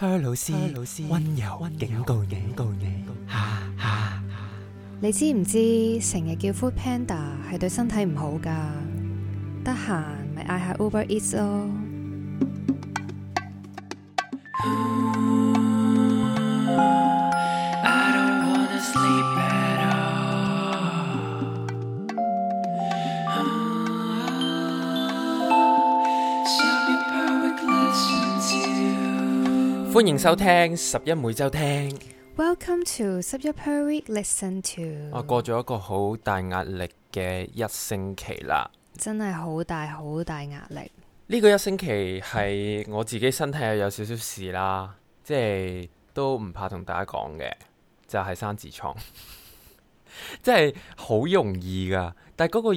h e 崔老師温柔警告、嗯、警告、吓吓、嗯，你知唔知成日叫 Food Panda 係對身體唔好㗎？得閒咪嗌下 Uber Eats 咯、哦。歡迎收聽十一每周聽。Welcome to 十一 per week listen to。我過咗一個好大壓力嘅一星期啦，真係好大好大壓力。呢個一星期係我自己身體又有少少事啦，即係都唔怕同大家講嘅，就係、是、生痔瘡、 那個，即係好容易噶。但係嗰個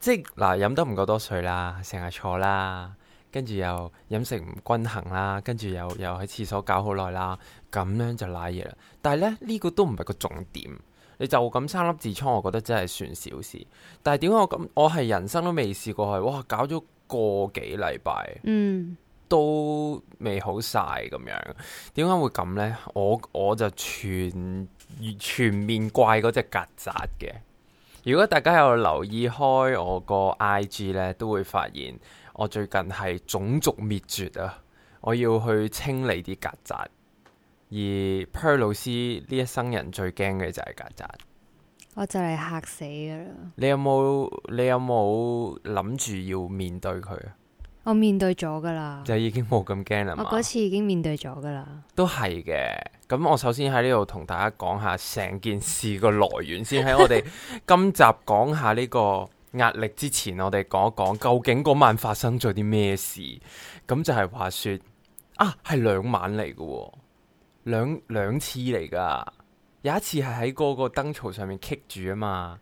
即係嗱，飲得唔夠多水啦，成日坐啦。跟住又飲食唔均衡啦，跟住又又喺廁所搞好耐啦，咁樣就瀨嘢啦。但係咧，呢個都唔係個重點，你就咁三粒痔瘡，我覺得真係算小事。但係點解我咁？我係人生都未試過係哇，搞咗個幾禮拜，嗯，都未好晒咁樣。點解會咁呢？我我就全全面怪嗰隻曱甴嘅。如果大家有留意開我個 I G 呢，都會發現。我最近係種族滅絕啊！我要去清理啲曱甴，而 Per 老師呢一生人最驚嘅就係曱甴，我就嚟嚇死噶啦！你有冇你有冇諗住要面對佢啊？我面對咗噶啦，就已經冇咁驚啦嘛！我嗰次已經面對咗噶啦，都係嘅。咁我首先喺呢度同大家講下成件事個來源，先喺我哋今集講下呢個壓力之前，我哋講一講究竟嗰晚發生咗啲咩事。咁就係話說啊，係兩晚嚟嘅，兩兩次嚟噶。有一次係喺嗰個燈槽上面棘住啊嘛。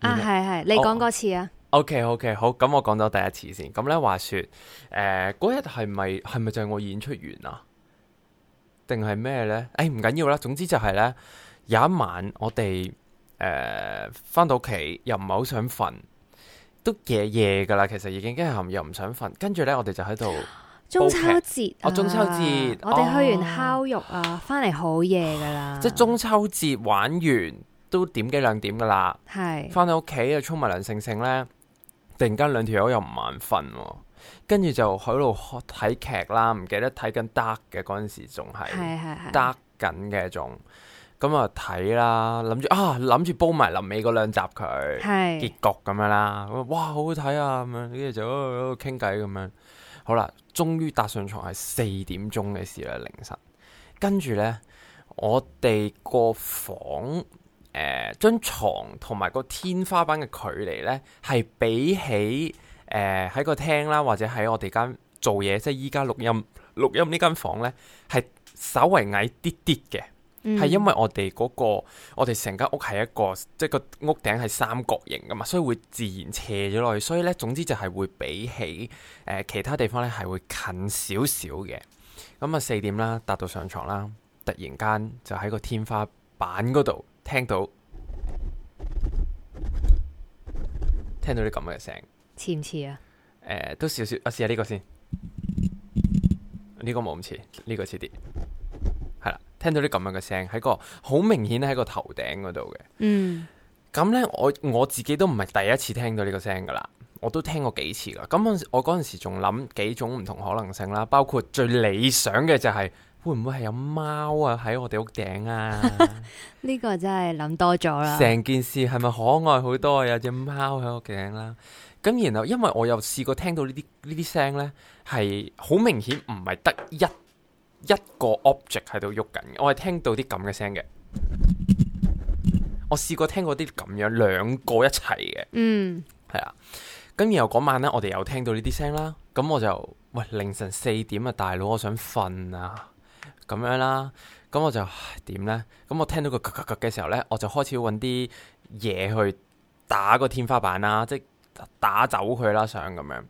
啊，係係，你講嗰次啊。OK OK，好，咁我講咗第一次先。咁咧，話說誒，嗰日係咪係咪就係我演出完啊？定係咩咧？誒、哎，唔緊要啦，總之就係、是、咧有一晚我哋誒翻到屋企又唔係好想瞓。都夜夜噶啦，其實已經今日下午又唔想瞓，跟住呢，我哋就喺度中秋節，我、哦、中秋節、啊哦、我哋去完烤肉啊，翻嚟好夜噶啦，即係中秋節玩完都點幾兩點噶啦，係翻到屋企又沖埋涼剩剩呢，突然間兩條友又唔眼瞓，跟住就喺度睇劇啦，唔記得睇緊得嘅嗰陣時仲係得緊嘅一種。咁啊睇啦，諗住啊諗住煲埋臨尾嗰兩集佢結局咁樣啦，哇好好睇啊咁樣，跟住就喺度喺度傾偈咁樣。好啦，終於搭上床係四點鐘嘅事啦，凌晨。跟住呢，我哋個房誒張床同埋個天花板嘅距離呢，係比起誒喺個廳啦，或者喺我哋間做嘢，即係依家錄音錄音呢間房呢，係稍為矮啲啲嘅。係因為我哋嗰、那個，我哋成間屋係一個，即係個屋頂係三角形噶嘛，所以會自然斜咗落去。所以咧，總之就係會比起誒、呃、其他地方咧係會近少少嘅。咁啊四點啦，達到上床啦，突然間就喺個天花板嗰度聽到，聽到啲咁嘅聲，似唔似啊？誒、呃，都少少，我試下呢個先，呢、這個冇咁似，呢、這個似啲。這個聽到啲咁樣嘅聲，喺個好明顯喺個頭頂嗰度嘅，嗯，咁呢我我自己都唔係第一次聽到呢個聲噶啦，我都聽過幾次啦。咁我嗰陣時仲諗幾種唔同可能性啦，包括最理想嘅就係、是、會唔會係有貓啊喺我哋屋頂啊？呢 個真係諗多咗啦！成件事係咪可愛好多啊？有隻貓喺屋頂啦。咁然後因為我又試過聽到呢啲呢啲聲呢，係好明顯唔係得一一個 object 喺度喐緊，我係聽到啲咁嘅聲嘅。我試過聽過啲咁樣兩個一齊嘅，嗯，係啊。咁然後嗰晚呢，我哋又聽到呢啲聲啦。咁我就喂，凌晨四點啊，大佬，我想瞓啊，咁樣啦。咁我就點呢？」咁我聽到個嘅時候呢，我就開始要搵啲嘢去打個天花板啦，即係打走佢啦，想咁樣。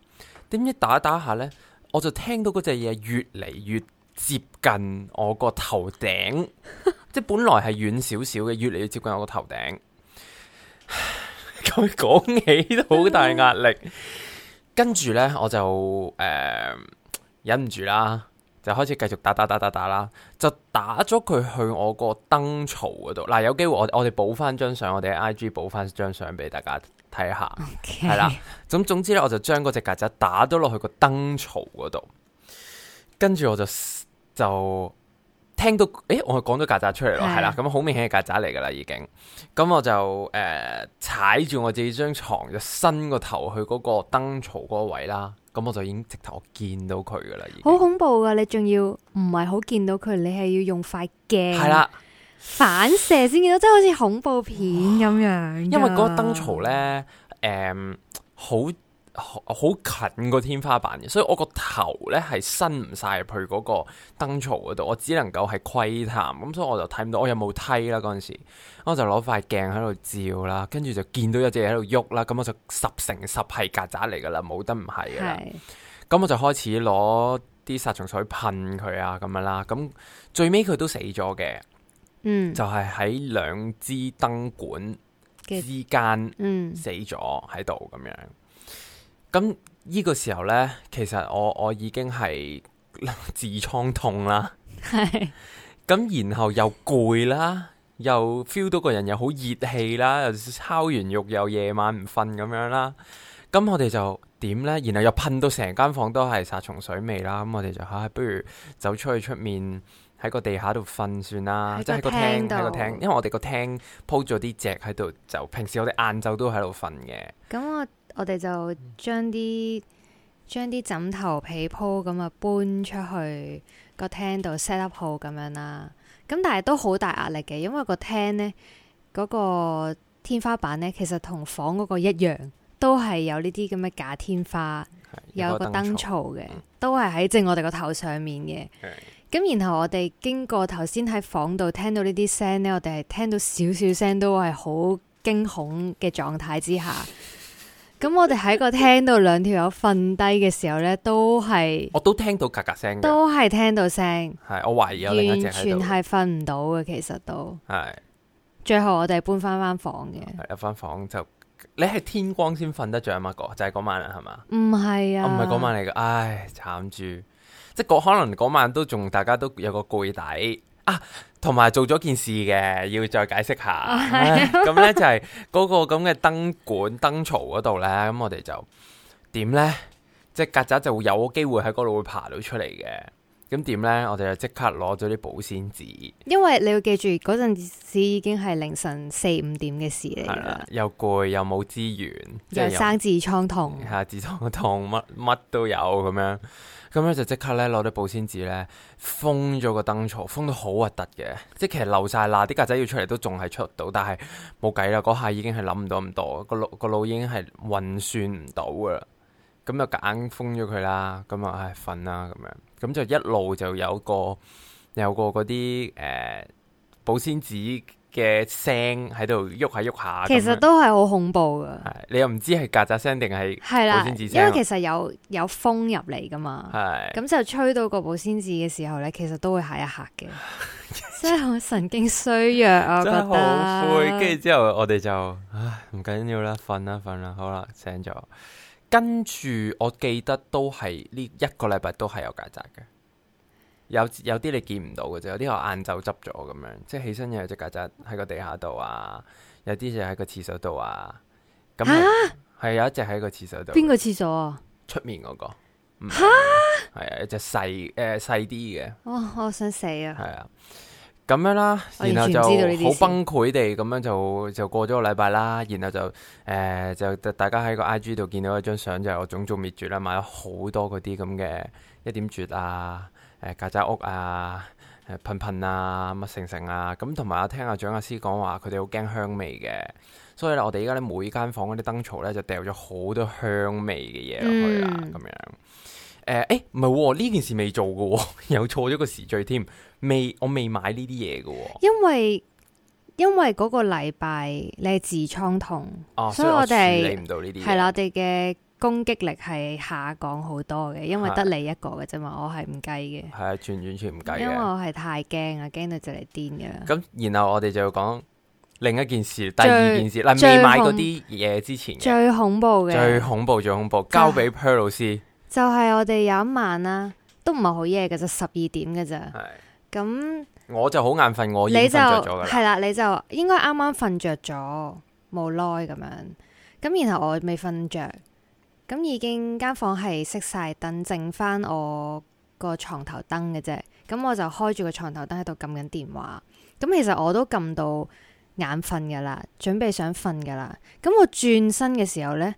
點知打一打下呢，我就聽到嗰隻嘢越嚟越～接近我個頭頂，即本來係遠少少嘅，越嚟越接近我個頭頂。咁講起都好大壓力。跟住 呢，我就誒、呃、忍唔住啦，就開始繼續打打打打打啦，就打咗佢去我個燈槽嗰度。嗱、啊，有機會我我哋補翻張相，我哋喺 I G 補翻張相俾大家睇下。係啦 Okay.，咁總之呢，我就將嗰隻曱甴打咗落去個燈槽嗰度，跟住我就。就聽到誒，我講咗曱甴出嚟咯，係啦，咁好明顯係曱甴嚟噶啦，已經。咁我就誒、呃、踩住我自己張床，就伸個頭去嗰個燈槽嗰個位啦。咁我就已經直頭我見到佢噶啦，已經。好恐怖噶！你仲要唔係好見到佢？你係要用塊鏡，係啦，反射先見到，即係好似恐怖片咁樣。 因為嗰燈槽咧，誒，好。 嗯好近個天花板嘅，所以我個頭呢係伸唔晒入去嗰個燈槽嗰度，我只能夠係窺探，咁所以我就睇唔到我有冇梯啦嗰陣時，我就攞塊鏡喺度照啦，跟住就見到有隻嘢喺度喐啦，咁我就十成十係曱甴嚟噶啦，冇得唔係噶啦，咁是我就開始攞啲殺蟲水噴佢啊，咁樣啦，咁最尾佢都死咗嘅，嗯，就係喺兩支燈管之間，死咗喺度咁樣。咁呢、嗯，這個時候呢，其實我我已經係 自瘡痛啦痔瘡痛。係咁，然後又攰啦，又 feel 到個人又好熱氣啦，又烤完肉又夜晚唔瞓咁樣啦。咁我哋就點呢？然後又噴到成間房都係殺蟲水味啦。咁我哋就吓，不如走出去出面喺個地下度瞓算啦。即係個廳，喺個、呃、個廳，因為我哋個廳鋪咗啲席喺度，就平時我哋晏晝都喺度瞓嘅。咁我。我哋就將啲將啲枕頭被鋪咁啊，搬出去個廳度 set up 好咁樣啦。咁但係都好大壓力嘅，因為個廳呢，嗰個天花板呢，其實同房嗰個一樣，都係有呢啲咁嘅假天花，有個燈槽嘅，都係喺正我哋個頭上面嘅。咁的然後我哋經過頭先喺房度聽到呢啲聲呢，我哋係聽到少少聲都係好驚恐嘅狀態之下。咁我哋喺個廳度兩條友瞓低嘅時候咧，都係我都聽到咔咔聲，都係聽到聲。係，我懷疑有另一隻喺度，完全係瞓唔到嘅，其實都係。的最後我哋搬翻翻房嘅，翻房就你係天光先瞓得着啊嘛？就係、是、嗰晚係嘛？唔係啊，我唔係嗰晚嚟嘅。唉，慘住，即係嗰可能嗰晚都仲大家都有個攰底。同埋、啊、做咗件事嘅，要再解釋下。咁呢就係嗰個咁嘅燈管燈槽嗰度呢，咁我哋就點、是、呢？即係曱甴就、就是、就有機會有機會喺嗰度會爬到出嚟嘅。咁點呢？我哋就即刻攞咗啲保鮮紙。因為你要記住嗰陣時已經係凌晨四五點嘅事嚟、嗯、又攰又冇資源，又生痔瘡痛，係痔瘡痛，乜乜都有咁樣。咁咧就即刻咧攞啲保鮮紙咧封咗個燈槽，封到好核突嘅，即係其實漏晒啦，啲曱甴要出嚟都仲係出到，但係冇計啦，嗰下已經係諗唔到咁多，個腦個腦已經係運算唔到噶啦，咁就硬封咗佢啦，咁啊，唉瞓啦咁樣，咁就一路就有個有個嗰啲誒保鮮紙。嘅聲喺度喐下喐下，動一動一動，其實都係好恐怖噶。你又唔知係曱甴聲定係寶仙子聲，因為其實有有風入嚟噶嘛。咁對就吹到個寶仙子嘅時候咧，其實都會嚇一嚇嘅，所以我 神經衰弱啊！ 真係好灰。跟住之後我哋就唉唔緊要啦，瞓啦瞓啦，好啦醒咗。跟住我記得都係呢一個禮拜都係有曱甴嘅。有有啲你見唔到嘅就有啲我晏晝執咗咁樣，即係起身有隻曱甴喺個地下度啊，有啲就喺個廁所度啊，咁係有一隻喺個廁所度。邊個廁所啊？出面嗰、嗰個。吓？係啊，一隻細誒細啲嘅。哇、呃哦！我想死啊。係啊，咁樣啦，然後就好崩潰地咁樣就就過咗個禮拜啦，然後就誒、呃、就大家喺個 I G 度見到一張相，就係我種族滅絕啦，買咗好多嗰啲咁嘅一點絕啊。誒，曱甴屋啊，誒，噴噴啊，乜成成啊，咁同埋我聽阿蔣亞師講話，佢哋好驚香味嘅，所以咧，我哋而家咧每間房嗰啲燈槽咧就掉咗好多香味嘅嘢落去啊，咁樣。誒，誒，唔係呢件事未做嘅，有錯咗個時序添，未，我未買呢啲嘢嘅，因為因為嗰個禮拜你係痔瘡痛，所以我哋處理唔到呢啲，係我哋嘅。攻擊力係下降好多嘅，因為得你一個嘅啫嘛。的我係唔計嘅，係啊，全完全唔計。因為我係太驚啊，驚到就嚟癲噶。咁然後我哋就要講另一件事，第二件事嗱，未最、啊、買嗰啲嘢之前，最恐怖嘅，最恐怖，最恐怖，最恐怖，交俾 Pearl 老師。就係我哋有一晚啦，都唔係好夜嘅，就十二點嘅咋。咁的，那我就好眼瞓，我已經瞓着咗啦。係啦，你就應該啱啱瞓着咗冇耐咁樣。咁然後我未瞓着。咁已經間房係熄晒燈，剩翻我個床頭燈嘅啫。咁我就開住個床頭燈喺度撳緊電話。咁其實我都撳到眼瞓噶啦，準備想瞓噶啦。咁我轉身嘅時候呢，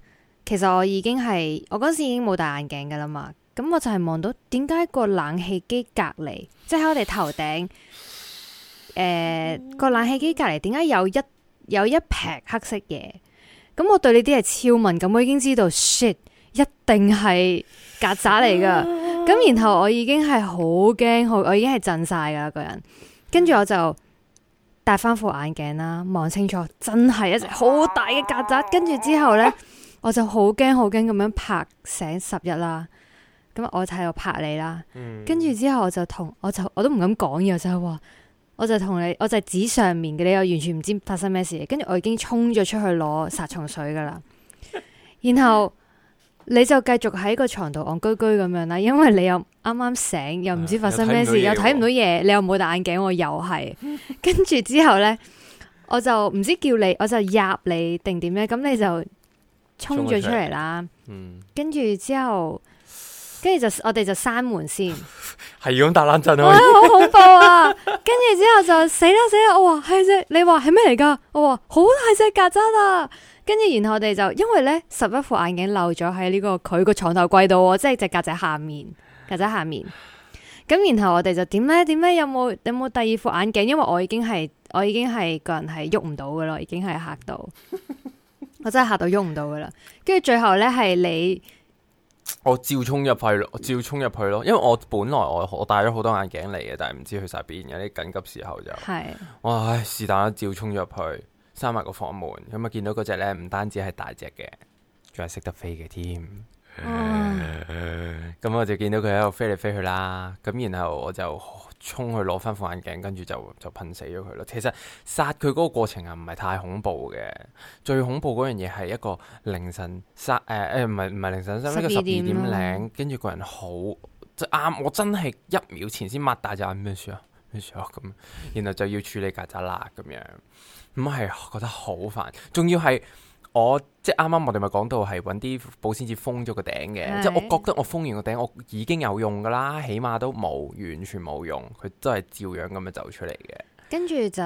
其實我已經係我嗰時已經冇戴眼鏡噶啦嘛。咁我就係望到點解個冷氣機隔籬，即係喺我哋頭頂，誒、呃、個、嗯、冷氣機隔籬點解有一有一撇黑色嘢？咁我對呢啲係超敏感，我已經知道 shit 一定係曱甴嚟噶。咁 然後我已經係好驚，我我已經係震晒噶個人。跟住我就戴翻副眼鏡啦，望清楚，真係一隻好大嘅曱甴。跟住之後呢，我就好驚好驚咁樣拍醒十一啦。咁我就喺度拍你啦。跟住之後我就同，我就我都唔敢講嘢，就係話。我就同你，我就係指上面嘅，你又完全唔知發生咩事，跟住我已經衝咗出去攞殺蟲水噶啦，然後你就繼續喺個床度戇居居咁樣啦，因為你又啱啱醒，又唔知發生咩事，啊、又睇唔到嘢，又到我 你又冇戴眼鏡，我又係，跟住 之後咧，我就唔知叫你，我就嗌你定點咧，咁你，你就衝咗出嚟啦，跟住、嗯、之後。跟住就我哋就閂門先，係咁 打冷震啊！哇，好恐怖啊！跟住 之後就死啦死啦！我話係隻，你話係咩嚟噶？我話好大隻曱甴啊！跟住然後我哋就因為咧，拾壹副眼鏡漏咗喺呢個佢個床頭櫃度，即係隻曱甴下面，曱甴下面。咁然後我哋就點咧？點咧？有冇有冇第二副眼鏡？因為我已經係我已經係個人係喐唔到噶啦，已經係嚇到， 我真係嚇到喐唔到噶啦。跟住最後咧係你。我照沖入去，照沖入去咯，因為我本來我我戴咗好多眼鏡嚟嘅，但係唔知去晒邊。有啲緊急時候就，是啊、唉，是但啦，照沖入去，閂埋個房門，咁啊見到嗰隻咧，唔單止係大隻嘅，仲係識得飛嘅添。咁、uh huh. 嗯嗯、我就見到佢喺度飛嚟飛去啦，咁然後我就。衝去攞翻副眼鏡，跟住就就噴死咗佢咯。其實殺佢嗰個過程係唔係太恐怖嘅，最恐怖嗰樣嘢係一個凌晨三誒誒，唔係唔係凌晨三，一個十二點零，跟住個人好即啱，我真係一秒前先擘大隻眼，咩事啊咩事啊咁，然後，然後就要處理曱甴啦咁樣，咁係覺得好煩，仲要係。我即係啱啱我哋咪講到係搵啲保鮮紙封咗個頂嘅，即係我，的我覺得我封完個頂，我已經有用噶啦，起碼都冇，完全冇用，佢都係照樣咁樣走出嚟嘅。跟住就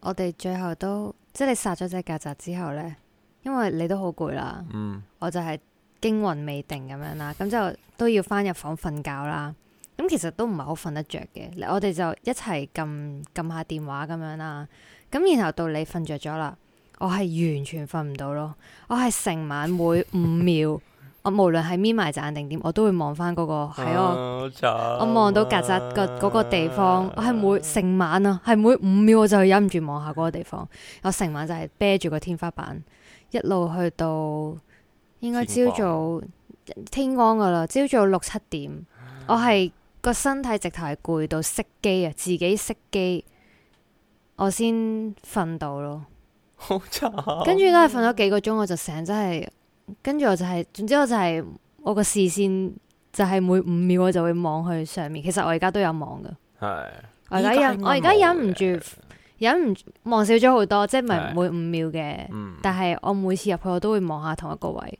我哋最後都即係你殺咗隻曱甴之後咧，因為你都好攰啦，嗯，我就係驚魂未定咁樣啦，咁就都要翻入房瞓覺啦。咁其實都唔係好瞓得着嘅，我哋就一齊撳撳下電話咁樣啦。咁然後到你瞓着咗啦。我係完全瞓唔到咯，我係成晚每五秒， 我無論係眯埋隻眼定點，我都會望翻嗰個喺我、哦啊、我望到曱甴個地方。我係每成晚啊，係每五秒我就忍唔住望下嗰個地方。我成晚就係啤住個天花板，一路去到應該朝早天光噶啦，朝早六七點，我係個身體直頭係攰到熄機啊，自己熄機，我先瞓到咯。好，跟住都係瞓咗幾個鐘，我就醒真係，跟住我就係、是，總之我就係、是，我個視線就係每五秒我就會望去上面。其實我而家都有望噶，係的我而家我而家忍唔住，的忍唔住望少咗好多，即係唔係每五秒嘅，嗯、但係我每次入去我都會望下同一個位，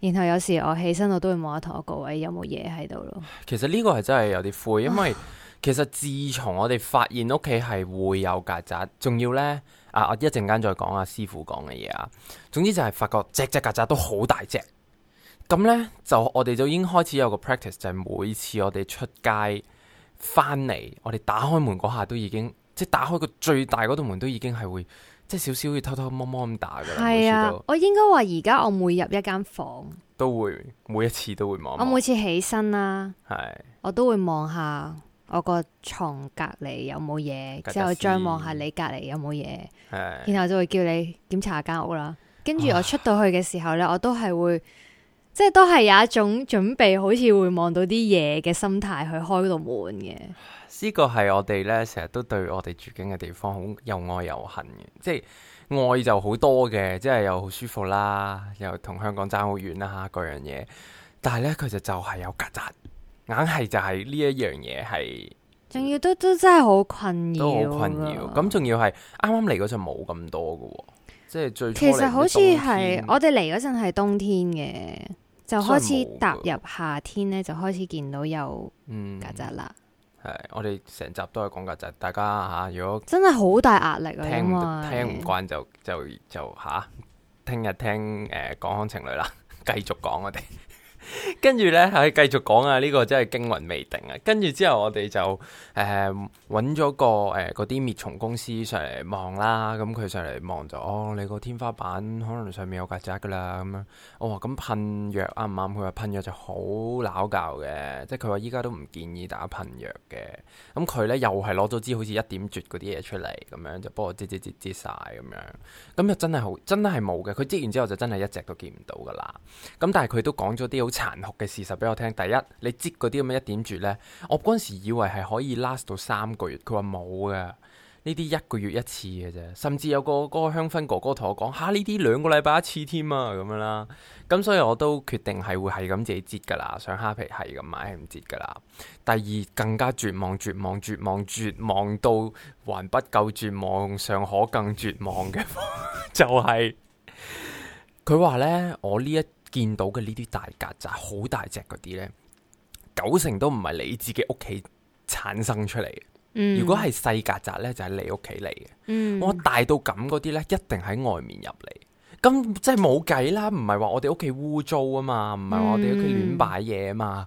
然後有時我起身我都會望下同一個位有冇嘢喺度咯。其實呢個係真係有啲灰，因為， 因為其實自從我哋發現屋企係會有曱甴，仲要呢。啊！我一陣間再講下、啊、師傅講嘅嘢啊。總之就係發覺隻隻曱甴都好大隻。咁呢，就我哋就已經開始有個 practice，就係每次我哋出街翻嚟，我哋打開門嗰下都已經，即係打開個最大嗰度門都已經係會，即係少少會偷偷摸摸咁打噶啦。係啊，我應該話而家我每入一間房，都會每一次都會望。我每次起身啦、啊，係是，我都會望下。我個床隔籬有冇嘢，之後再望下你隔籬有冇嘢，然後，有有的然後就會叫你檢查間屋啦。跟住我出到去嘅時候呢，唉我都係會，即係都係有一種準備，好似會望到啲嘢嘅心態去開度門嘅。呢個係我哋呢，成日都對我哋住境嘅地方好又愛又恨嘅，即係愛就好多嘅，即係又好舒服啦，又同香港爭好遠啦各樣嘢，但係呢，佢就就係有曱甴。硬係就係呢一樣嘢係，仲要都都真係好困擾，都好困擾。咁仲要係啱啱嚟嗰陣冇咁多嘅，即係最。其實好似係我哋嚟嗰陣係冬天嘅，就開始踏入夏天咧，就開始見到有嗯曱甴啦。係，我哋成集都係講曱甴，大家吓如果真係好大壓力，聽聽唔聽唔慣就就就吓，啊，聽日聽誒講講情侶啦，繼續講我哋。跟住呢，係繼續講啊！呢、這個真係驚魂未定啊！跟住之後我，我哋就誒搵咗個誒嗰啲滅蟲公司上嚟望啦。咁佢上嚟望就，哦，你個天花板可能上面有曱甴噶啦。咁樣，我話咁噴藥啱唔啱？佢話噴藥就好拗嘅，即係佢話依家都唔建議打噴藥嘅。咁佢呢又係攞咗支好似一點絕嗰啲嘢出嚟，咁樣就幫我擠擠擠擠晒，咁樣。咁就擠擠擠擠真係好，真係冇嘅。佢擠完之後就真係一隻都見唔到噶啦。咁但係佢都講咗啲好。殘酷嘅事實俾我聽，第一，你接嗰啲咁樣一點住呢？我嗰陣時以為係可以 last 到三個月，佢話冇嘅。呢啲一個月一次嘅啫，甚至有個、嗰個香薰哥哥同我講吓，呢啲兩個禮拜一次添啊咁樣啦，咁所以我都決定係會係咁自己接噶啦，上蝦皮係咁買唔接噶啦。第二更加絕望絕望絕望絕望到還不夠絕望，尚可更絕望嘅、 就是，就係佢話呢：「我呢一。見到嘅呢啲大曱甴，好大隻嗰啲呢，九成都唔係你自己屋企產生出嚟。嗯、如果係細曱甴呢，就喺、是、你屋企嚟嘅。我、嗯、大到咁嗰啲呢，一定喺外面入嚟。咁即係冇計啦，唔係話我哋屋企污糟啊嘛，唔係話我哋屋企亂擺嘢啊嘛。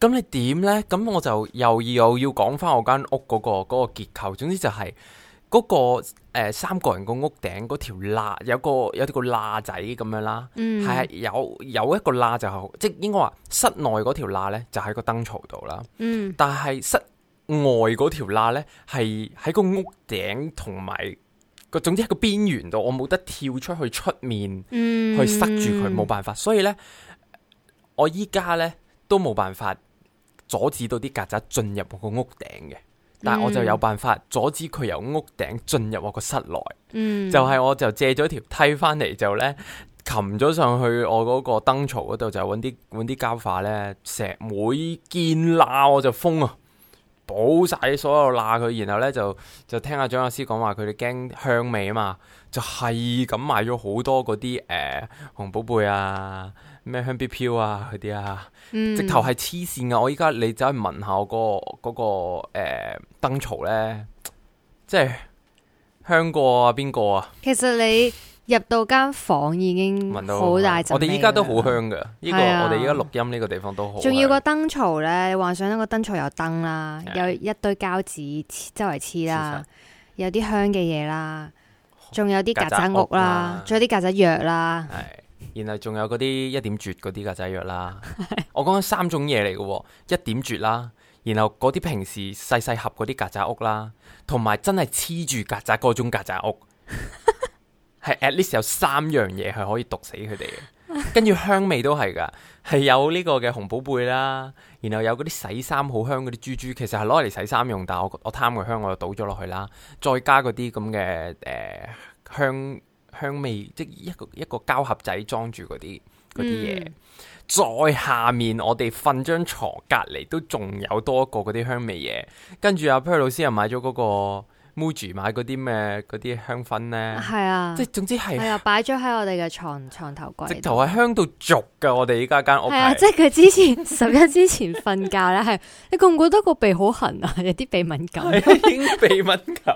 咁、嗯、你點呢？咁我就又要要講翻我間屋嗰個嗰個結構。總之就係、是。嗰、嗰個、呃、三個人個屋頂嗰條罅有個有啲個罅仔咁樣啦，係有有一個罅，就係即係應該話室內嗰條罅咧就喺個燈槽度啦，嗯、但係室外嗰條罅咧係喺個屋頂同埋個總之喺個邊緣度，我冇得跳出去出面去塞住佢，冇辦法，所以咧我依家咧都冇辦法阻止到啲曱甴進入我個屋頂嘅。但係我就有辦法阻止佢由屋頂進入我個室內，嗯、就係我就借咗條梯翻嚟，就呢擒咗上去我嗰個燈槽嗰度就揾啲揾啲膠化呢，石梅堅罅，我就封啊，補晒所有罅佢，然後呢，就就聽阿張老師講話佢哋驚香味啊嘛，就係咁買咗好多嗰啲誒紅寶貝啊。咩香必飄啊！嗰啲啊，嗯、直頭係黐線噶。我依家你走去聞下我，那個嗰個誒燈槽咧，即係香過啊邊個啊？其實你入到間房間已經聞到好大陣味。我哋依家都好香噶。呢、這個、啊、我哋依家錄音呢個地方都好。仲要個燈槽咧，你幻想一個燈槽有燈啦，有一堆膠紙周圍黐啦，的有啲香嘅嘢啦，仲好有啲曱甴屋啦，仲有啲曱甴藥啦。然後仲有嗰啲一點絕嗰啲曱甴藥啦， 我講咗三種嘢嚟嘅，一點絕啦，然後嗰啲平時細細盒嗰啲曱甴屋啦，同埋真係黐住曱甴嗰種曱甴屋，係 at least 有三樣嘢係可以毒死佢哋嘅。跟住香味都係噶，係有呢個嘅紅寶貝啦，然後有嗰啲洗衫好香嗰啲豬豬，其實係攞嚟洗衫用，但係我我貪個香，我就倒咗落去啦。再加嗰啲咁嘅誒香。香味，即一個一個膠盒仔裝住嗰啲啲嘢，再下面我哋瞓張床隔籬都仲有多一個嗰啲香味嘢，跟住阿 Pear 老師又買咗嗰個 Muji 買嗰啲咩嗰啲香薰咧，係啊，即總之係，係啊，擺咗喺我哋嘅床床頭櫃，直頭係香到俗噶。我哋依家間屋係啊，啊啊即佢之前十一 之前瞓覺咧，係，你覺唔覺得個鼻好痕啊？ 有啲鼻敏感，鼻 敏，敏感。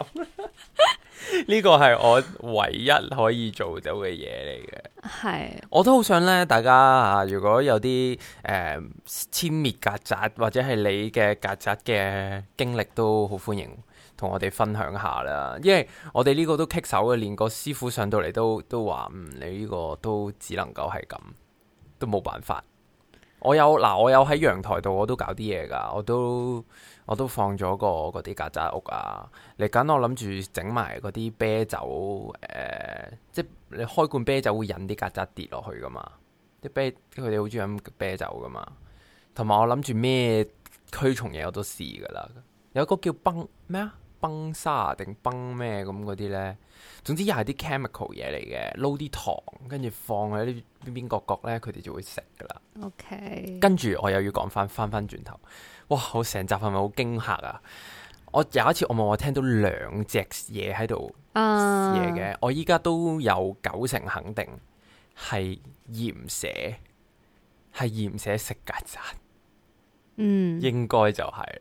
呢個係我唯一可以做到嘅嘢嚟嘅，係我都好想咧，大家啊，如果有啲誒殲滅曱甴或者係你嘅曱甴嘅經歷，都好歡迎同我哋分享下啦。因為我哋呢個都棘手嘅，連個師傅上到嚟都都話，嗯，你呢個都只能夠係咁，都冇辦法。我有嗱、呃，我有喺陽台度，我都搞啲嘢噶，我都。我都放咗個嗰啲曱甴屋啊！嚟緊我諗住整埋嗰啲啤酒，誒、呃，即係你開罐啤酒會引啲曱甴跌落去噶嘛？啲啤佢哋好中意飲啤酒噶嘛？同埋我諗住咩驅蟲嘢我都試噶啦，有一個叫崩咩啊，崩沙定崩咩咁嗰啲咧，總之又係啲 chemical 嘢嚟嘅，撈啲糖跟住放喺啲邊邊角角咧，佢哋就會食噶啦。OK，跟住我又要講翻翻翻轉頭。哇！我成集係咪好驚吓啊？我有一次我望我聽到兩隻嘢喺度嘢嘅，uh, 我依家都有九成肯定係鹽蛇，係鹽蛇食曱甴。嗯，應該就係啦。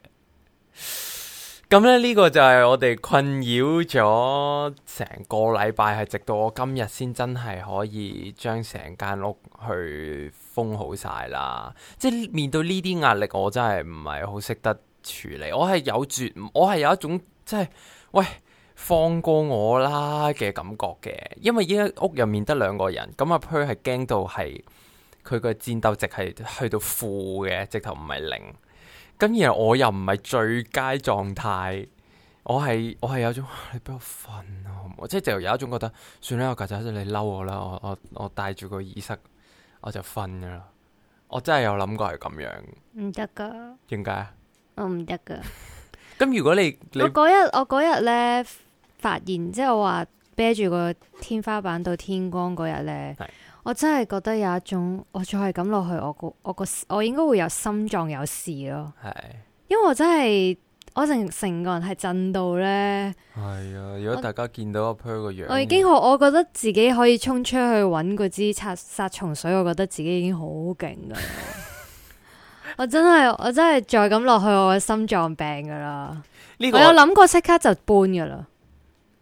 咁咧呢、呢個就係我哋困擾咗成個禮拜，係直到我今日先真係可以將成間屋去。封好晒啦！即係面對呢啲壓力，我真係唔係好識得處理。我係有絕，我係有一種即係喂放過我啦嘅感覺嘅。因為依家屋入面得兩個人，咁阿 Pur 係驚到係佢個戰鬥值係去到負嘅，直頭唔係零。咁然後我又唔係最佳狀態，我係我係有一種你俾我瞓咯好唔好，即係就有一種覺得算啦，我曱甴仔你嬲我啦，我我我帶住個耳塞。我就瞓㗎啦，我真係有諗過係咁樣，唔得噶。點解？我唔得噶。咁如果你，你我嗰日我嗰日咧發現，即係我話啤住個天花板到天光嗰日咧，是我真係覺得有一種，我再係咁落去，我個我個我，我應該會有心臟有事咯。係是，因為我真係。我成成個人係震到咧，係啊！如果大家見到阿 Per 個樣我，我已經好，我覺得自己可以衝出去搵嗰支殺殺蟲水，我覺得自己已經好勁噶。我真係我真係再咁落去，我嘅心臟病噶啦。個我，我有諗過即刻就搬噶啦。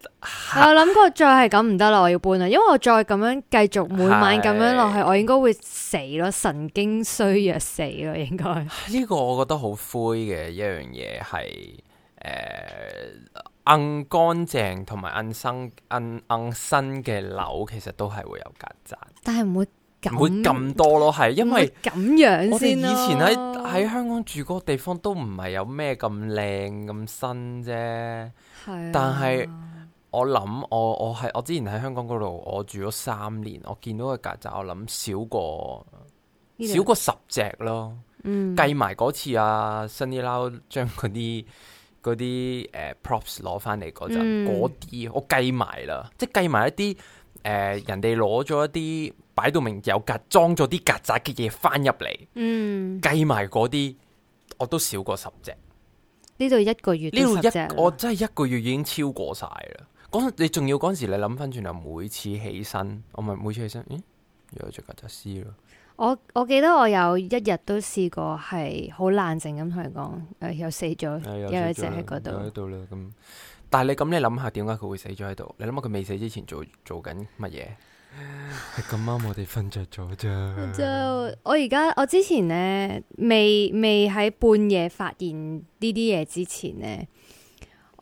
我諗過再係咁唔得啦，我要搬啦，因為我再咁樣繼續每晚咁樣落去，是我應該會死咯，神經衰弱死咯，應該呢個我覺得好灰嘅一樣嘢係誒，硬乾淨同埋硬新硬硬新嘅樓，純純純純樓其實都係會有曱甴，但係唔會咁咁多咯，係因為咁樣先。我哋以前喺喺香港住嗰個地方都唔係有咩咁靚咁新啫，係的，但係。我諗我我係我之前喺香港嗰度，我住咗三年，我見到個曱甴，我諗少過少過十隻咯。嗯，計埋嗰次阿、啊、新啲撈將嗰啲嗰啲誒 props 攞翻嚟嗰陣，嗰啲、嗯、我計埋啦，即係計埋一啲誒、呃、人哋攞咗一啲擺到明有曱裝咗啲曱甴嘅嘢翻入嚟。嗯，計埋嗰啲我都少過十隻。呢度一個月呢度一我真係一個月已經超過晒啦。你仲要嗰時，你諗翻轉頭，每次起身，我咪每次起身，咦，又有隻曱甴屍咯。我我記得我有一日都試過係好冷靜咁同人講，誒，死哎、死又死咗，又一隻喺嗰度。喺度啦，咁。但係你咁，你諗下點解佢會死咗喺度？你諗下佢未死之前做做緊乜嘢？係咁啱我哋瞓着咗咋。就我而家，我之前咧未未喺半夜發現呢啲嘢之前咧。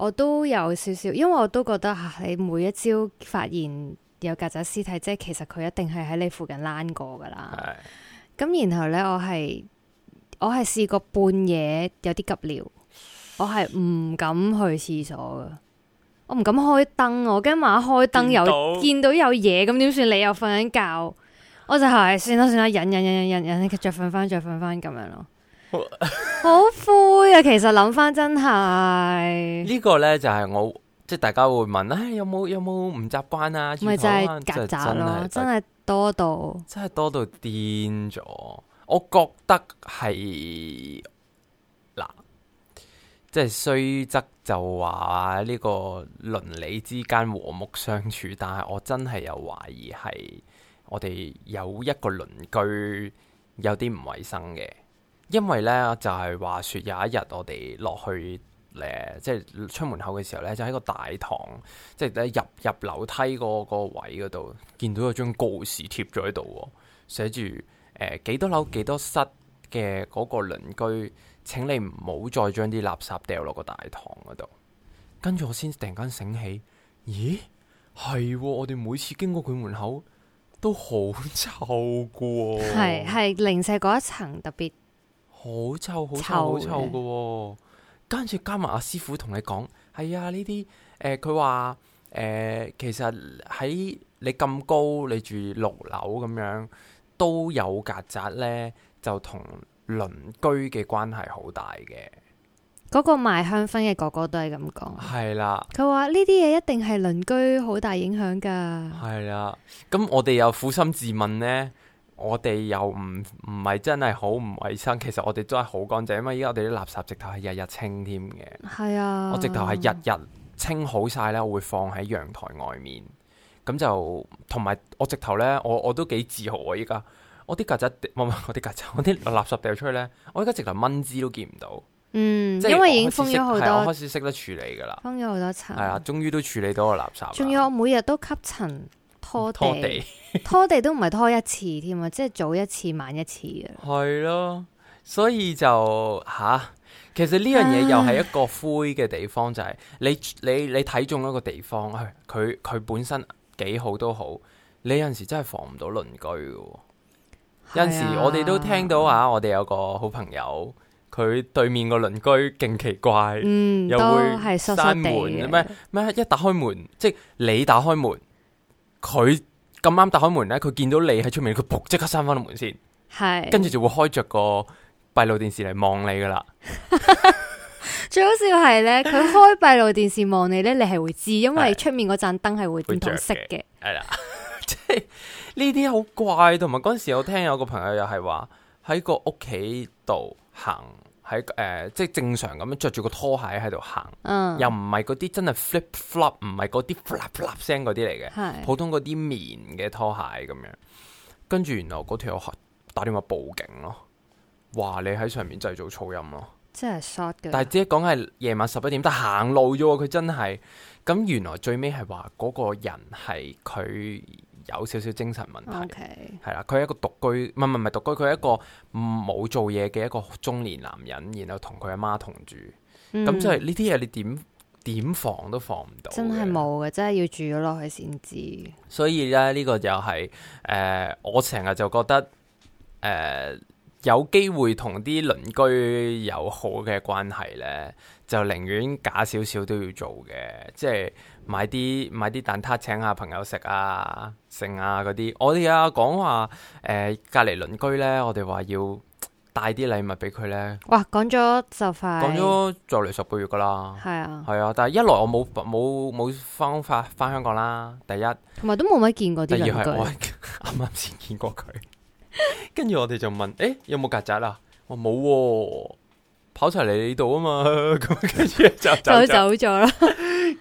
我都有少少，因為我都覺得嚇、啊，你每一朝發現有曱甴屍體，即係其實佢一定係喺你附近躝過噶啦。咁是的 然後咧，我係我係試過半夜有啲急尿，我係唔敢去廁所噶，我唔敢開燈。我驚話開燈，又見到有嘢，咁點算？你又瞓緊覺，我就係算啦算啦，忍忍忍忍忍忍，再瞓翻再瞓翻咁樣咯。 好灰啊！其實諗翻真係呢 個呢，就係、是、我即係大家會問、哎、有有有有啊，有冇有冇唔習慣啊？唔係 就係曱甴咯， 真係 多到 真係多到癲咗。我覺得係嗱，即係雖則就話呢個鄰里之間和睦相處，但係我真係有懷疑係我哋有一個鄰居有啲唔衛生嘅。因為咧，就係、是、話說有一日我哋落去誒、呃，即係出門口嘅時候咧，就喺個大堂，即係入入樓梯嗰個位嗰度見到有張告示貼咗喺度，寫住誒、呃、幾多樓幾多室嘅嗰個鄰居請你唔好再將啲垃圾掉落個大堂嗰度。跟住我先突然間醒起，咦係、哦、我哋每次經過佢門口都好臭嘅喎、哦，係係零舍嗰一層特別。好臭，好臭，好臭嘅。跟住加埋阿師傅同你講，係啊，呢啲誒，佢話誒，其實喺你咁高，你住六樓咁樣都有曱甴咧，就同鄰居嘅關係好大嘅。嗰個賣香薰嘅哥哥都係咁講，係啦、啊。佢話呢啲嘢一定係鄰居好大影響噶。係啦、啊，咁我哋又苦心自問咧。我哋又唔唔係真係好唔衛生，其實我哋都係好乾淨啊！因為依家我哋啲垃圾直頭係日日清添嘅，係啊，我直頭係日日清好晒咧，我會放喺陽台外面，咁就同埋我直頭咧，我我都幾自豪啊！依家我啲曱甴，我啲曱甴，我啲垃圾掉出去咧，我依家直頭蚊滋都見唔到，嗯，即係因為已經封咗好多，我開始識得處理噶啦，封咗好多層，係啊，終於都處理到個垃圾，仲要我每日都吸塵。拖地拖地都唔係拖一次添啊， 即係早一次晚一次啊。係咯，所以就吓、啊，其實呢樣嘢又係一個灰嘅地方，啊、就係你你你睇中一個地方，佢、哎、佢本身幾好都好，你有陣時真係防唔到鄰居嘅。是啊、有陣時我哋都聽到是啊,啊，我哋有個好朋友，佢對面個鄰居勁奇怪，嗯、又會閂門咩咩，一打開門即係你打開門。佢咁啱打開門咧，佢見到你喺出面，佢撲即刻閂翻門先，係跟住就會開着個閉路電視嚟望你噶啦。最好笑係咧，佢開閉路電視望你咧，你係會知，因為出面嗰盞燈係會變到熄嘅。係啦，即係呢啲好怪，同埋嗰陣時我聽有個朋友又係話喺個屋企度行，喺誒、呃，即係正常咁樣着住個拖鞋喺度行，嗯、又唔係嗰啲真係 flip flop，唔係嗰啲 flap flap 聲嗰啲嚟嘅，是普通嗰啲棉嘅拖鞋咁樣。跟住，原來嗰條友，打電話報警咯，話你喺上面製造噪音咯，真係 shot 嘅。但係只係講係夜晚十一點，但行路啫喎。佢真係咁，原來最尾係話嗰個人係佢。有少少精神問題，係啦 Okay.。佢係一個獨居，唔係唔係獨居，佢係一個冇做嘢嘅一個中年男人，然後同佢阿媽同住。咁即係呢啲嘢，你點點防都防唔到。真係冇嘅，真係要住咗落去先知。所以咧，呢個又係誒，我成日就覺得誒、呃，有機會同啲鄰居有好嘅關係咧，就寧願假少少都要做嘅，即係。買啲買啲蛋撻請下朋友食，呃、啊，剩啊嗰啲，我哋啊講話誒，隔籬鄰居咧，我哋話要帶啲禮物俾佢咧。哇，講咗就快，講咗就嚟十個月噶啦。係啊，係啊，但係一來我冇冇冇方法翻香港啦。第一，同埋都冇乜見過啲鄰，第二，我啱啱先見過佢。跟住我哋就問，誒，有冇曱甴啊？我冇，跑齊嚟度啊嘛，咁跟住就就走咗啦。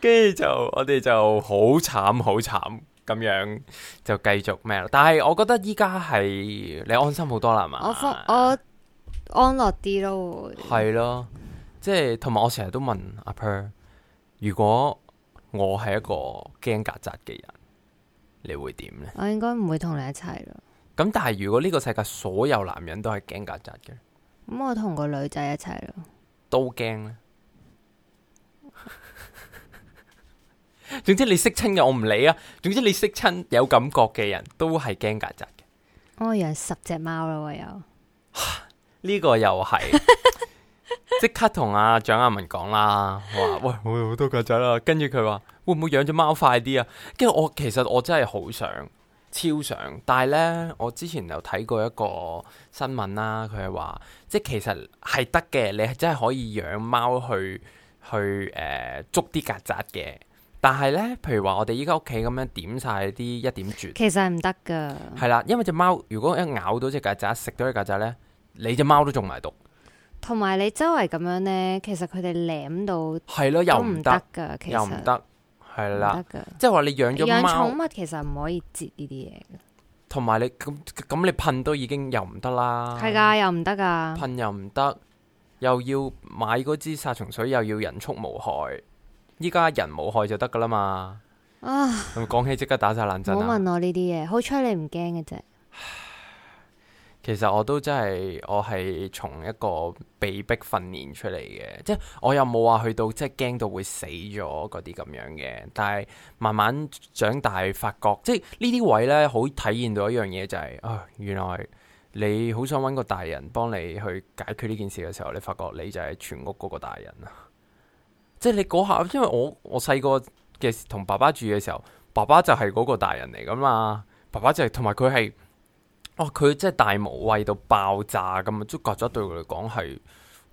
跟住就我哋就好慘好慘咁樣，就繼續咩？但係我覺得依家係你安心好多啦嘛？ 我我安樂啲咯，係咯， 即係同埋我成日都問阿 Per，如果我係一個驚曱甴嘅人，你會點呢？我應該唔會同你一齊咯。咁 但係如果呢個世界所有男人都係驚曱甴嘅，咁我同個女仔一齊咯。都驚咧？總之你識親嘅我唔理啊，總之你識親有感覺嘅人都係驚曱甴嘅。我養十隻貓咯，又呢、這個又係即 刻同阿蔣雅文講啦，話喂，我好多曱甴啦，跟住佢話，會唔會養隻貓快啲啊？跟住、啊、我其實我真係好想超想，但係呢，我之前有睇過一個新聞啦，佢係話即係其實係得嘅，你係真係可以養貓去去誒、呃、捉啲曱甴嘅。.但係咧，譬如話我哋依家屋企咁樣點晒啲一,一點絕，其實係唔得噶。係啦，因為隻貓如果一咬到隻曱甴，食到隻曱甴咧，你隻貓都中埋毒。同埋你周圍咁樣咧，其實佢哋舐到係咯，又唔得噶，又唔得，係啦，即係話你養咗養寵物其實唔可以接呢啲嘢。同埋你咁咁，你噴都已經又唔得啦。係噶，又唔得噶，噴又唔得，又要買嗰支殺蟲水，又要人畜無害。依家人冇害就得噶啦嘛，啊！咁講起即刻打晒冷震。唔好問我呢啲嘢，好彩你唔驚嘅啫。其實我都真係，我係從一個被逼訓練出嚟嘅，即係我又冇話去到即係驚到會死咗嗰啲咁樣嘅。但係慢慢長大發覺，即係呢啲位呢，好體現到一樣嘢就係，啊，原來你好想揾個大人幫你去解決呢件事嘅時候，你發覺你就係全屋嗰個大人啊。即係你嗰下，因為我我細個嘅同爸爸住嘅時候，爸爸就係嗰個大人嚟噶嘛，爸爸就係同埋佢係，哦佢即係大無畏到爆炸咁，嗯就是，即係曱甴對佢嚟講係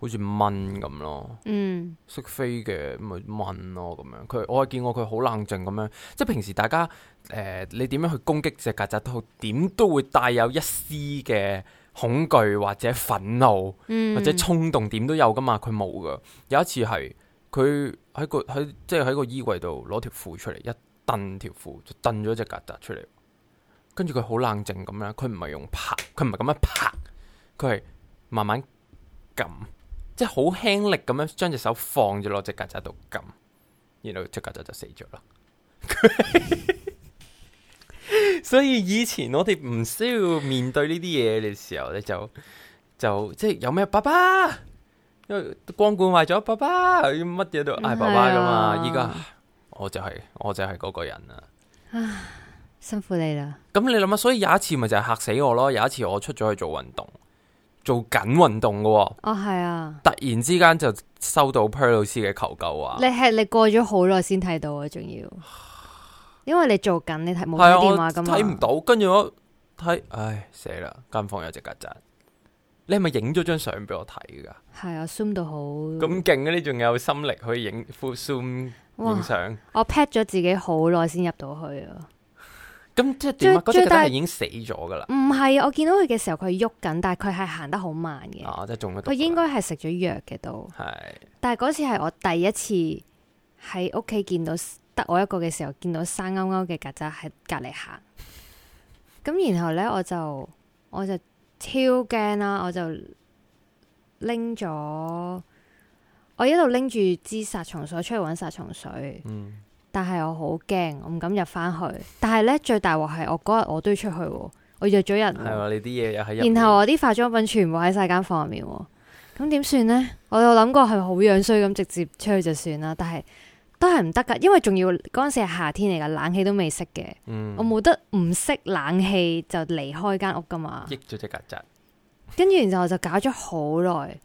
好似蚊咁咯，嗯，識飛嘅咪蚊咯咁樣。佢我係見過佢好冷靜咁樣，即係平時大家誒、呃，你點樣去攻擊隻曱甴都好，點都會帶有一絲嘅恐懼或者憤怒，或者衝、嗯、動點都有噶嘛。佢冇噶，有一次係。佢喺個喺即係喺個衣櫃度攞條褲出嚟，一蹬條褲就蹬咗隻曱甴出嚟。跟住佢好冷靜咁樣，佢唔係用拍，佢唔係咁樣拍，佢係慢慢撳，即係好輕力咁樣將隻手放咗落隻曱甴度撳，然後隻曱甴就死咗啦。 所以以前我哋唔需要面對呢啲嘢嘅時候咧，就就即係有咩爸爸？因為光管壞咗，爸爸，乜嘢都嗌爸爸噶嘛。依家、啊、我就係、是、我就係嗰個人啊，辛苦你啦。咁你諗下，所以有一次咪就係嚇死我咯。有一次我出咗去做運動，做緊運動噶。哦，係啊。突然之間就收到 Pearl 老師嘅求救啊！你係你過咗好耐先睇到啊，仲要，因為你做緊你睇冇睇電話噶嘛，睇唔到。跟住我睇，唉，死啦！間房有隻曱甴。你係咪影咗張相俾我睇噶？係啊，zoom 到好咁勁啊！你仲有心力去影 full zoom 影相哇？照我 pat 咗自己好耐先入到去啊！咁即係點啊？嗰隻曱甴最已經死咗噶啦？唔係我見到佢嘅時候佢喐緊，但係佢係行得好慢嘅。啊，即係中乜？佢應該係食咗藥嘅都係。是但係嗰次係我第一次喺屋企見到得我一個嘅時候見到生勾勾嘅曱甴喺隔籬行。咁 然後咧，我就我就。我就超驚啦！我就拎咗，我一路拎住支殺蟲水出去搵殺蟲水。嗯，但係我好驚，我唔敢入翻去。但係呢，最大鑊係我嗰日我都要出去，我約咗人。係啊，你啲嘢又喺。然後我啲化妝品全部喺晒間房入面，咁點算呢？我有諗過係好樣衰咁直接出去就算啦，但係。都係唔得噶，因為仲要嗰陣時係夏天嚟噶，冷氣都未熄嘅，嗯、我冇得唔熄冷氣就離開間屋噶嘛。益咗隻曱甴，跟住然之後就搞咗好耐，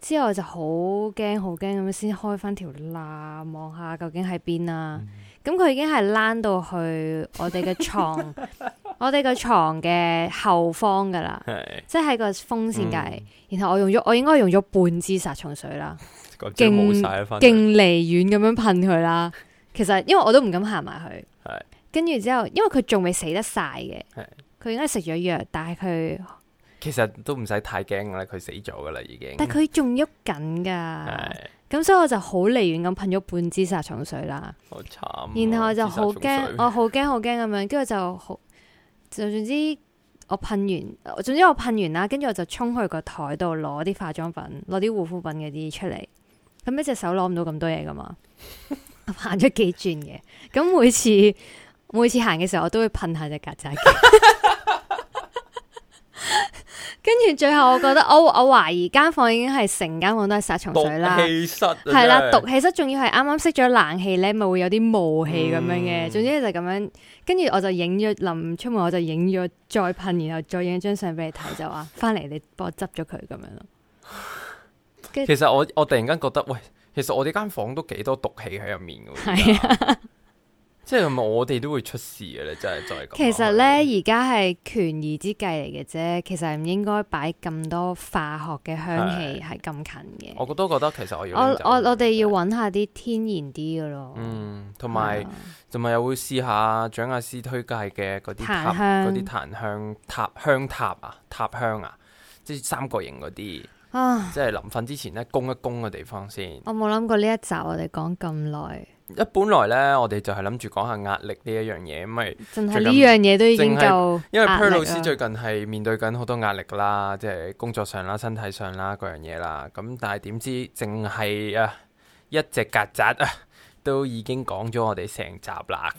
之後就好驚好驚咁先開翻條罅望下究竟喺邊啦。咁佢、嗯嗯嗯、已經係躝到去我哋嘅床， 我哋嘅床嘅後方噶啦，即係喺個風扇隔籬。嗯、然後我用咗，我應該用咗半支殺蟲水啦。勁勁離遠咁樣噴佢啦， 其實因為我都唔敢行埋去，係跟住之後，因為佢仲未死得晒嘅，係佢應該食咗藥，但係佢其實都唔使太驚啦，佢死咗噶啦已經了了，但係佢仲喐緊噶，咁 所以我就好離遠咁噴咗半支殺蟲水啦，好慘， 然後就好驚，我好驚好驚咁樣，跟住就好，就總之我噴完，總之我噴完啦，跟住我就衝去個台度攞啲化妝品，攞啲護膚品嗰啲出嚟。咁一隻手攞唔到咁多嘢噶嘛？行咗 幾轉嘅，咁每次每次行嘅時候，我都會噴下隻曱甴。跟住最後，我覺得我我懷疑間房已經係成間房都係殺蟲水啦，係、啊、啦，毒氣室剛剛，仲要係啱啱熄咗冷氣咧，咪會有啲霧氣咁樣嘅。嗯、總之就咁樣，跟住我就影咗，臨出門我就影咗，再噴，然後再影張相俾你睇，就話翻嚟你幫我執咗佢咁樣咯。 其實我我突然間覺得，喂，其實我呢間房都幾多毒氣喺入面嘅， 即係咪我哋都會出事嘅咧？真係再講。其實咧，而家係權宜之計嚟嘅啫，其實唔應該擺咁多化學嘅香氣係咁近嘅。我都覺得其實我要我我哋要揾下啲天然啲嘅咯。嗯，同埋同埋又會試下蔣亞師推介嘅嗰啲檀香啲檀香塔香塔啊，塔香啊，塔香啊，即係三角形嗰啲。啊、即係臨瞓之前咧，攻一攻嘅地方先。我冇諗過呢一集我哋講咁耐。一本來呢，我哋就係諗住講下壓力呢一樣嘢，咁咪呢樣嘢都已經夠。因為 Per 老師最近係面對緊好多壓力啦，即係工作上啦、身體上啦嗰樣嘢啦。咁但係點知，淨係啊一隻曱甴啊，都已經講咗我哋成集啦。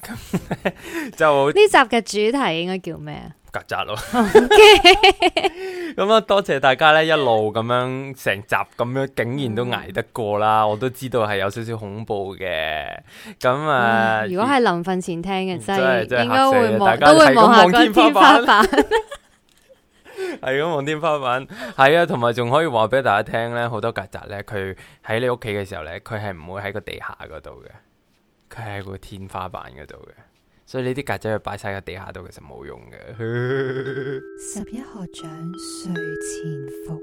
就呢很 集嘅主題應該叫咩啊？曱甴咯，咁啊 Okay. 多謝大家咧，一路咁樣成集咁樣，竟然都挨得過啦！我都知道係有少少恐怖嘅，咁啊、嗯，如果係臨瞓前聽嘅，真係、嗯、是應該會望都會望下個天花板，係咁望天花板，係啊，同埋仲可以話俾大家聽咧，好多曱甴咧，佢喺你屋企嘅時候咧，佢係唔會喺個地下嗰度嘅，佢喺個天花板嗰度嘅。所以呢啲曱甴佢擺晒喺地下度，其實冇用嘅。拾壹學長睡前服，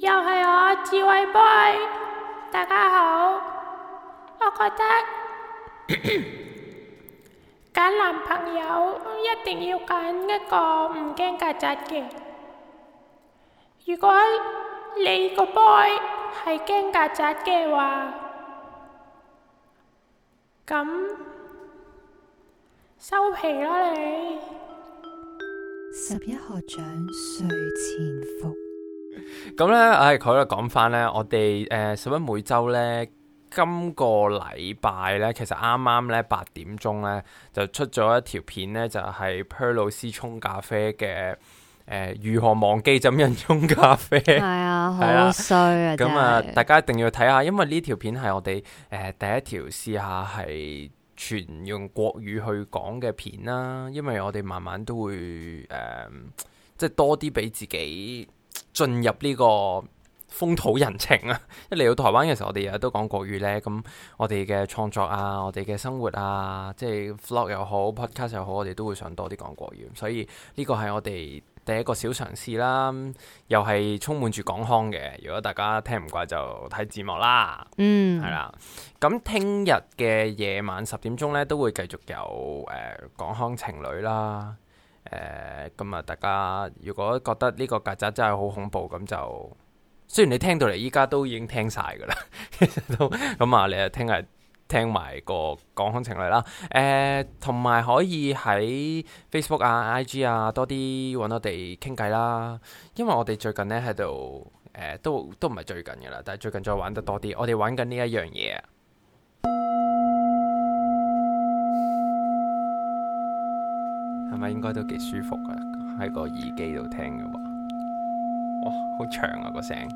又係我智慧 boy，大家好，我覺得揀 男朋友一定要揀一個唔驚曱甴嘅。如果你個 boy 係驚曱甴嘅話，咁。收皮啦你！十一學長睡前服咁咧，唉，佢又講翻咧，我哋誒、呃，十一每周咧，今個禮拜咧，其實啱啱咧八點鐘咧，就出咗一條片咧，就係、是、Pearl 老師、so、沖咖啡嘅誒、呃，如何忘記怎樣沖咖啡？係啊，係啊，好衰 啊！咁啊，大家一定要睇下，因為呢條片係我哋誒、呃、第一條試下係。全用國語去講嘅片啦，因為我哋慢慢都會誒、呃，即係多啲俾自己進入呢個風土人情啊！一嚟到台灣嘅時候，我哋日日都講國語呢。咁我哋嘅創作啊，我哋嘅生活啊，即係 Vlog 又好、Podcast 又好，我哋都會想多啲講國語，所以呢個係我哋。第一個小嘗試啦，又係充滿住港腔嘅。如果大家聽唔慣就睇字幕啦，嗯，係啦。咁聽日嘅夜晚十點鐘呢，都會繼續有誒港腔情侶啦。誒、呃，咁啊，大家如果覺得呢個曱甴真係好恐怖，咁就雖然你聽到嚟依家都已經聽晒噶啦， 都咁啊，你啊聽日。聽埋個港空情侶啦，誒、呃，同埋可以喺 Facebook 啊、IG 啊多啲搵我哋傾偈啦。因為我哋最近呢喺度，誒、呃，都都唔係最近噶啦，但係最近再玩得多啲。我哋玩緊呢一樣嘢，係咪 應該都幾舒服噶？喺個耳機度聽嘅話，哇，好長啊個聲！聲，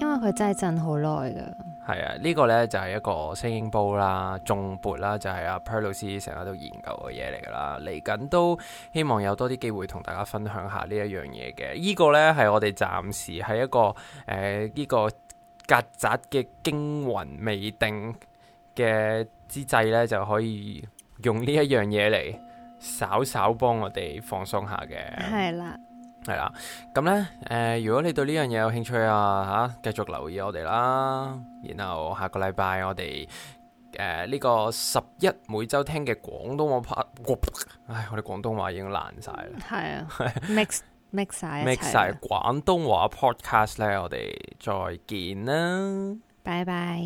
因為佢真係震好耐噶。係啊，呢、這個咧就係一個聲音煲啦、重撥啦，就係、是、阿、啊、Per 老師成日都研究嘅嘢嚟噶啦。嚟緊都希望有多啲機會同大家分享下呢一樣嘢嘅。呢、這個呢，係我哋暫時喺一個誒呢、呃這個曱甴嘅驚魂未定嘅之際呢，就可以用呢一樣嘢嚟稍稍幫我哋放鬆下嘅。係啦。係啦，咁呢，誒、嗯，如果你對呢樣嘢有興趣啊，吓，繼續留意我哋啦。然後下、呃這個禮拜我哋，誒，呢個拾壹每週聽嘅廣東話 part、呃、唉，我哋廣東話已經爛晒啦。係啊了 ，mix mix 晒，mix 晒 all 廣東話 podcast 呢，我哋再見啦，拜拜。